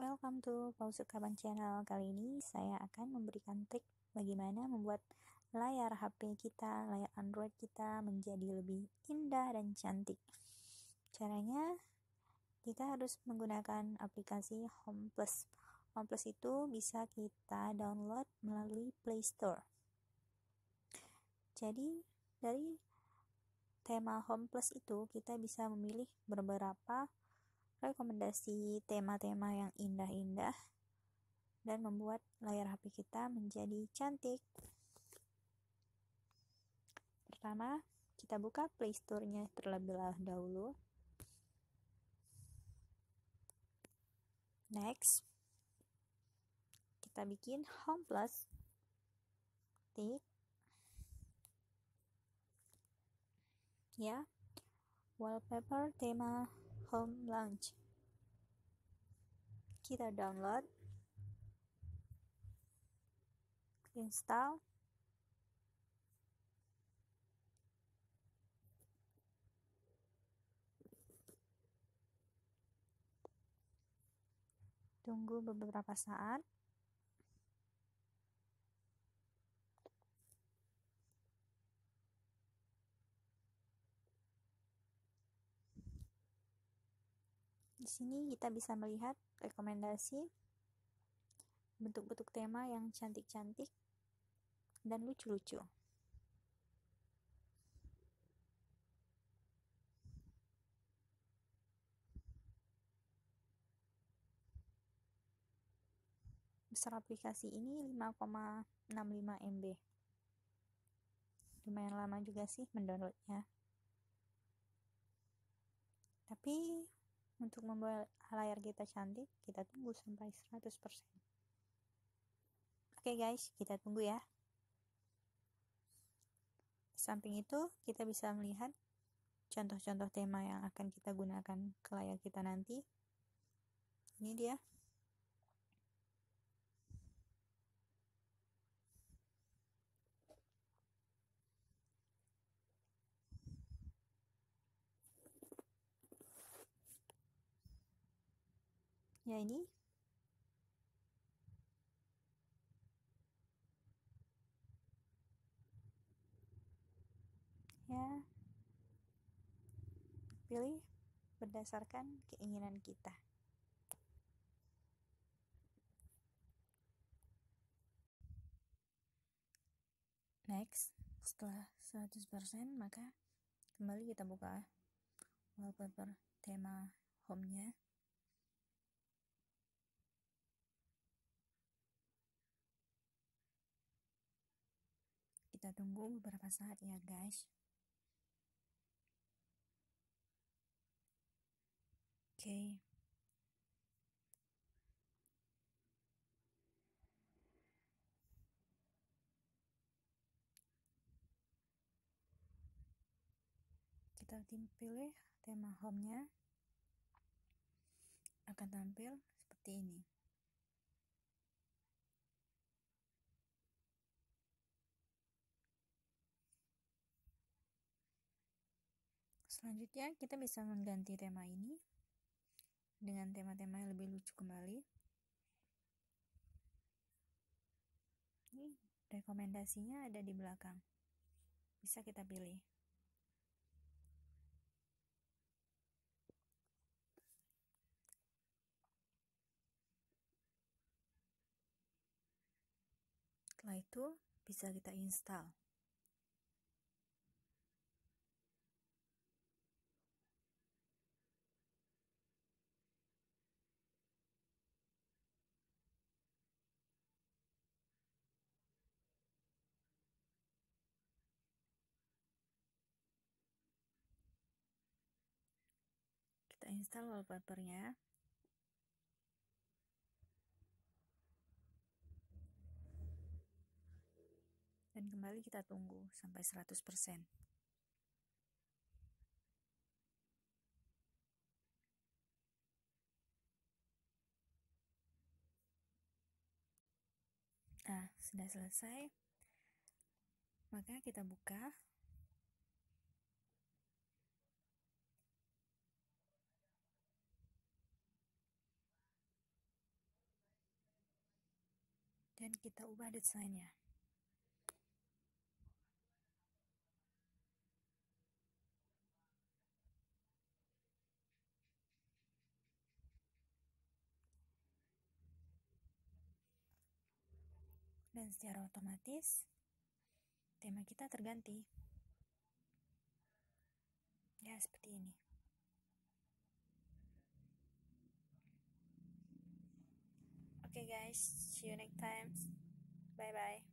Welcome to Pause Kaban Channel. Kali ini saya akan memberikan trik bagaimana membuat layar HP kita, layar Android kita menjadi lebih indah dan cantik. Caranya kita harus menggunakan aplikasi Home Plus. Home Plus itu bisa kita download melalui Play Store. Jadi dari tema Home Plus itu kita bisa memilih beberapa rekomendasi tema-tema yang indah-indah, dan membuat layar HP kita menjadi cantik. Pertama, kita buka Play Store-nya terlebih dahulu. Next, kita bikin Home Plus. Tik. Ya. Wallpaper tema Home Launch. Kita download, install, tunggu beberapa saat. sini kita bisa melihat rekomendasi bentuk-bentuk tema yang cantik-cantik dan lucu-lucu. Besar aplikasi ini 5,65 MB. Lumayan lama juga sih mendownloadnya. Tapi untuk membuat layar kita cantik, kita tunggu sampai 100%. Oke okay guys, kita tunggu ya. samping itu, kita bisa melihat contoh-contoh tema yang akan kita gunakan ke layar kita nanti. Ini dia. Ya ini ya pilih berdasarkan keinginan kita next setelah 100% maka kembali kita buka wallpaper tema home nya Kita tunggu beberapa saat ya guys. Oke. Okay. Kita pilih ya, tema home-nya akan tampil seperti ini. Selanjutnya, kita bisa mengganti tema ini dengan tema-tema yang lebih lucu kembali. Ini rekomendasinya ada di belakang. Bisa kita pilih. Setelah itu, bisa kita install. kita install wallpapernya dan kembali kita tunggu sampai 100% Nah, sudah selesai. Maka kita buka dan kita ubah desainnya dan secara otomatis tema kita terganti ya seperti ini Okay guys, see you next time. Bye bye.